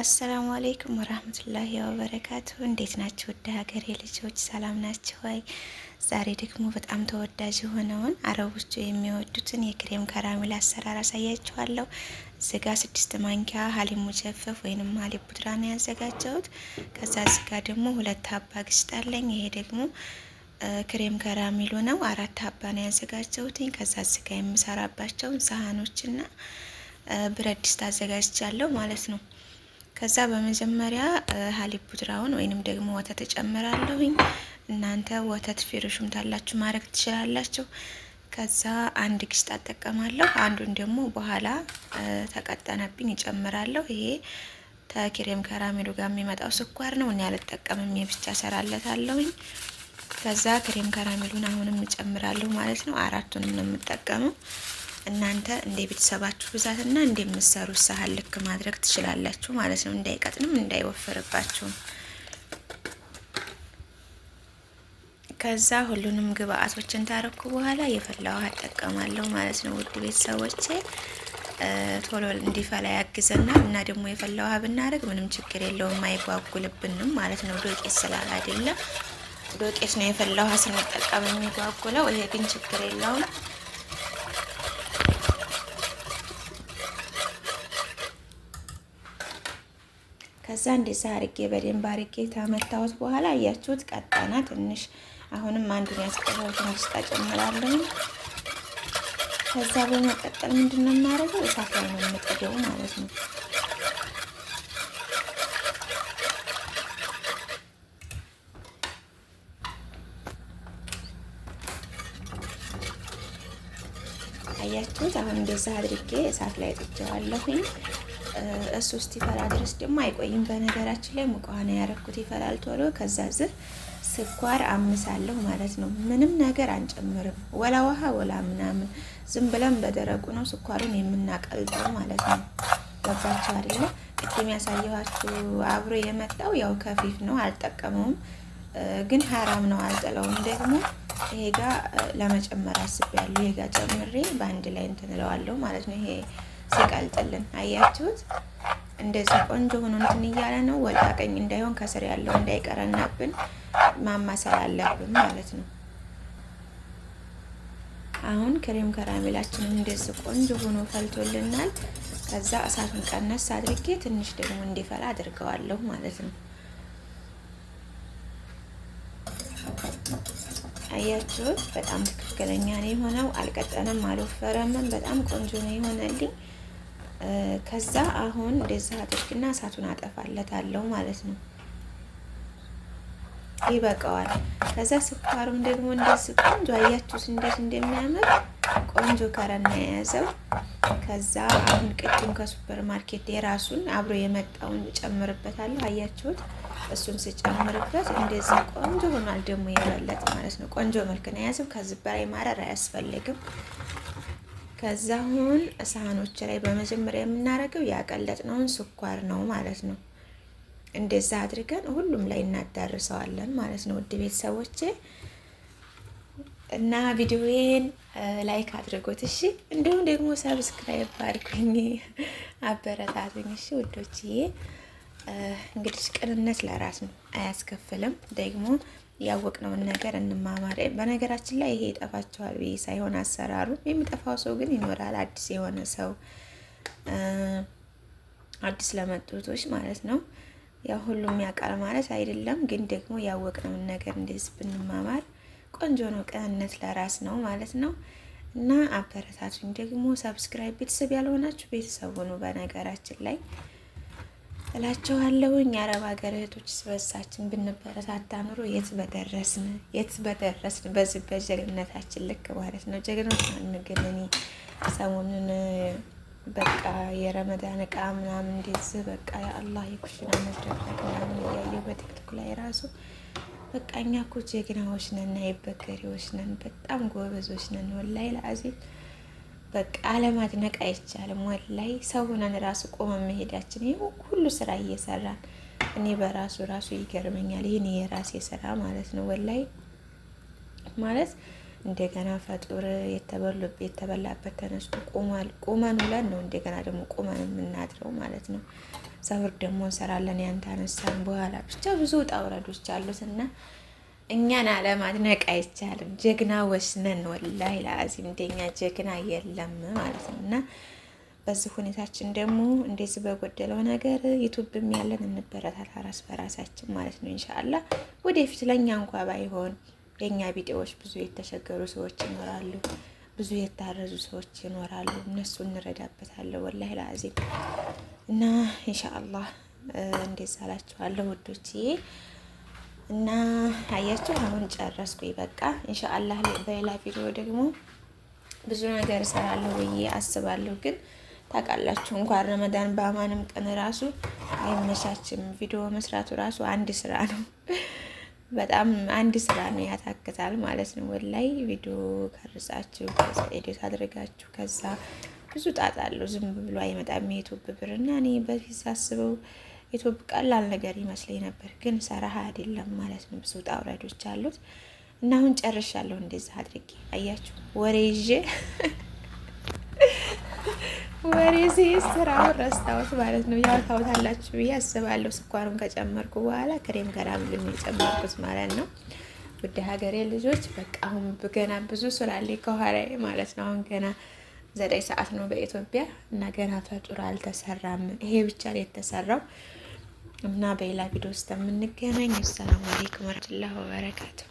አሰላሙ አሌይኩም ወራህመቱላሂ ወበረካቱ። እንዴት ናችሁ? ወደ ሀገሬ ልጆች ሰላም ናችሁ ወይ? ዛሬ ደግሞ በጣም ተወዳጅ የሆነውን አረቦቹ የሚወዱትን የክሬም ከራሚል አሰራር አሳያችኋለሁ። ዝጋ ስድስት ማንኪያ ሀሊ ሙጀፈፍ ወይንም ሀሊ ቡድራ ነው ያዘጋጀሁት። ከዛ ዝጋ ደግሞ ሁለት ሀባ ግሽጣ አለኝ። ይሄ ደግሞ ክሬም ከራሚሉ ነው። አራት ሀባ ነው ያዘጋጀሁትኝ። ከዛ ዝጋ የምሰራባቸውን ሳህኖችና ብረት ድስት አዘጋጅቻለሁ ማለት ነው። ከዛ በመጀመሪያ ሀሊብ ቡድራውን ወይንም ደግሞ ወተት እጨምራለሁኝ። እናንተ ወተት ፌሮሹም ታላችሁ ማድረግ ትችላላችሁ። ከዛ አንድ ግስት አጠቀማለሁ። አንዱን ደግሞ በኋላ ተቀጠነብኝ እጨምራለሁ። ይሄ ከክሬም ከራሜሉ ጋር የሚመጣው ስኳር ነው። እኔ አልጠቀምም፣ የብቻ ብቻ ሰራለታለሁኝ። ከዛ ክሬም ከራሜሉን አሁንም እጨምራለሁ ማለት ነው። አራቱንም ነው የምጠቀመው። እናንተ እንደ ቤተሰባችሁ ብዛትና እንደምትሰሩት ሳህን ልክ ማድረግ ትችላላችሁ ማለት ነው። እንዳይቀጥንም እንዳይወፈርባችሁም። ከዛ ሁሉንም ግብአቶችን ታረኩ በኋላ የፈላ ውሃ እጠቀማለሁ ማለት ነው። ውድ ቤተሰቦቼ ቶሎ እንዲፈላ ያግዘናል እና ደግሞ የፈላ ውሃ ብናደርግ ምንም ችግር የለውም አይጓጉልብንም ማለት ነው። ዶቄት ስላል አይደለም ዶቄት ነው የፈላ ውሃ ስንጠቀም የሚጓጉለው። ይሄ ግን ችግር የለውም። ከዛ እንደዛ አርጌ በደንብ አርጌ ታመታሁት በኋላ እያችሁት ቀጣና ትንሽ አሁንም አንዱን ያስቀረው ትንሽ ተጨምራለሁ። ከዛ በመቀጠል ምንድነው የማደርገው እሳት ላይ ነው የምጥደው ማለት ነው። አያችሁት? አሁን እንደዛ አድርጌ እሳት ላይ ጥጄዋለሁኝ። እሱ እስቲፈላ ድረስ ደግሞ አይቆይም። በነገራችን ላይ ሙቀዋና ያረኩት ይፈላል ቶሎ። ከዛ ዝህ ስኳር አምሳለሁ ማለት ነው። ምንም ነገር አንጨምርም፣ ወላ ውሃ ወላ ምናምን፣ ዝም ብለን በደረቁ ነው ስኳሩን የምናቀልጠው ማለት ነው። ገባችሁ አይደለ? ቅድም ያሳየኋችሁ አብሮ የመጣው ያው ከፊፍ ነው፣ አልጠቀመውም ግን ሀራም ነው አልጥለውም። ደግሞ ይሄ ጋ ለመጨመር አስቤያለሁ። ይሄ ጋ ጨምሬ በአንድ ላይ እንትንለዋለሁ ማለት ነው ይሄ ሲቀልጥልን አያችሁት። እንደዚህ ቆንጆ ሆኖ እንትን እያለ ነው። ወጣ ቀኝ እንዳይሆን ከስር ያለው እንዳይቀረናብን ማማሰል አለብን ማለት ነው። አሁን ክሬም ከራሜላችን እንደዚህ ቆንጆ ሆኖ ፈልቶልናል። ከዛ እሳቱን ቀነስ አድርጌ ትንሽ ደግሞ እንዲፈላ አድርገዋለሁ ማለት ነው። አያችሁት በጣም ትክክለኛ ነው የሆነው። አልቀጠንም፣ አልወፈረምም። በጣም ቆንጆ ነው የሆነልኝ። ከዛ አሁን እንደዛ አድርግና እሳቱን አጠፋለታለሁ ማለት ነው። ይበቃዋል። ከዛ ስኳሩም ደግሞ እንደዚህ ቆንጆ አያችሁት እንዴት እንደሚያምር ቆንጆ ከረና የያዘው። ከዛ አሁን ቅድም ከሱፐር ማርኬት የራሱን አብሮ የመጣውን ጨምርበታለሁ። አያችሁት? እሱን ስጨምርበት እንደዚህ ቆንጆ ሆኗል። ደግሞ የበለጠ ማለት ነው ቆንጆ መልክ ነው የያዘው። ከዚህ በላይ ማረር አያስፈልግም። ከዛ አሁን ሳህኖች ላይ በመጀመሪያ የምናደርገው ያቀለጥነውን ስኳር ነው ማለት ነው። እንደዛ አድርገን ሁሉም ላይ እናዳርሰዋለን ማለት ነው። ውድ ቤተሰቦቼ እና ቪዲዮዬን ላይክ አድርጎት እሺ። እንዲሁም ደግሞ ሰብስክራይብ አድርጉኝ አበረታቱኝ እሺ ውዶችዬ። እንግዲህ ቅንነት ለራስ ነው፣ አያስከፍልም ደግሞ ያወቅነውን ነገር እንማማር። በነገራችን ላይ ይሄ ይጠፋቸዋል ብዬ ሳይሆን አሰራሩ የሚጠፋው ሰው ግን ይኖራል። አዲስ የሆነ ሰው አዲስ ለመጡቶች ማለት ነው። ያው ሁሉም ያውቃል ማለት አይደለም፣ ግን ደግሞ ያወቅነውን ነገር እንደዚህ ብንማማር ቆንጆ ነው። ቅንነት ለራስ ነው ማለት ነው። እና አበረታቱኝ ደግሞ ሰብስክራይብ ቤተሰብ ያልሆናችሁ ቤተሰቡ ነው በነገራችን ላይ እላቸዋለሁኝ። የአረብ ሀገር እህቶች ስበሳችን ብንበረታታ ኑሮ የት በደረስን የት በደረስን። በዚህ በጀግንነታችን ልክ ማለት ነው። ጀግኖች አንግን። እኔ ሰሞኑን በቃ የረመዳን እቃ ምናምን እንደዚህ በቃ የአላህ የኩሽና መድረክ ምናምን እያየሁ በቲክቶክ ላይ ራሱ በቃ እኛ እኮ ጀግናዎች ነን፣ አይበገሬዎች ነን፣ በጣም ጎበዞች ነን። ወላይ ለአዜብ በቃ አለማድነቅ አይቻልም። ወላይ ሰው ሆነን ራሱ ቆመን መሄዳችን ይህ ሁሉ ስራ እየሰራን እኔ በራሱ ራሱ ይገርመኛል። ይህን የራሴ ስራ ማለት ነው ወላይ ማለት እንደገና ፈጡር የተበላበት ተነስቶ ቁማል ቁመን ውለን ነው እንደገና ደግሞ ቁመን የምናድረው ማለት ነው። ሰብር ደግሞ እንሰራለን ያንተ አነሳን በኋላ ብቻ ብዙ ውጣ ውረዶች አሉት እና እኛን አለማድነቅ አይቻልም። ጀግና ወስነን ወላሂ ለአዚም እንደኛ ጀግና የለም ማለት ነው። እና በዚህ ሁኔታችን ደግሞ እንደዚህ በጎደለው ነገር ዩቱብም ያለን እንበረታታ ራስ በራሳችን ማለት ነው። ኢንሻአላህ ወደፊት ለእኛ እንኳ ባይሆን የእኛ ቢጤዎች ብዙ የተሸገሩ ሰዎች ይኖራሉ፣ ብዙ የታረዙ ሰዎች ይኖራሉ። እነሱ እንረዳበታለሁ ወላሂ ለአዚም እና ኢንሻአላህ እንደዛ አላችኋለሁ ውዶችዬ። እና አያችሁ አሁን ጨረስኩ። በቃ ኢንሻአላህ በሌላ ቪዲዮ ደግሞ ብዙ ነገር እሰራለሁ ብዬ አስባለሁ። ግን ታውቃላችሁ እንኳን ረመዳን በአማንም ቀን ራሱ አይመቻችም። ቪዲዮ መስራቱ ራሱ አንድ ስራ ነው፣ በጣም አንድ ስራ ነው፣ ያታክታል ማለት ነው። ወላይ ቪዲዮ ቀርጻችሁ ኤዲት አድርጋችሁ ከዛ ብዙ ጣጣለሁ። ዝም ብሎ አይመጣም የዩቲዩብ ብር እና እኔ በፊት ሳስበው ዩቱብ ቀላል ነገር ይመስለኝ ነበር፣ ግን ሰራህ አይደለም ማለት ነው። ብዙ ውጣ ውረዶች አሉት እና አሁን ጨርሻለሁ። እንደዛ አድርጌ አያችሁ፣ ወሬ ይዤ ወሬ ሲይዝ ስራውን ረስታውት ማለት ነው። ያው ታውታላችሁ ብዬ አስባለሁ። ስኳሩን ከጨመርኩ በኋላ ክሬም ጋር ምንም የጨመርኩት ማለት ነው። ውድ ሀገሬ ልጆች በቃ አሁን ገና ብዙ ስላለ ከኋላ ማለት ነው። አሁን ገና ዘጠኝ ሰዓት ነው በኢትዮጵያ እና ገና ፈጡር አልተሰራም። ይሄ ብቻ ነው የተሰራው እና በሌላ ቪዲዮ ውስጥ የምንገናኝ። አሰላሙ አሌይኩም ወረህመቱላሂ ወበረካቱ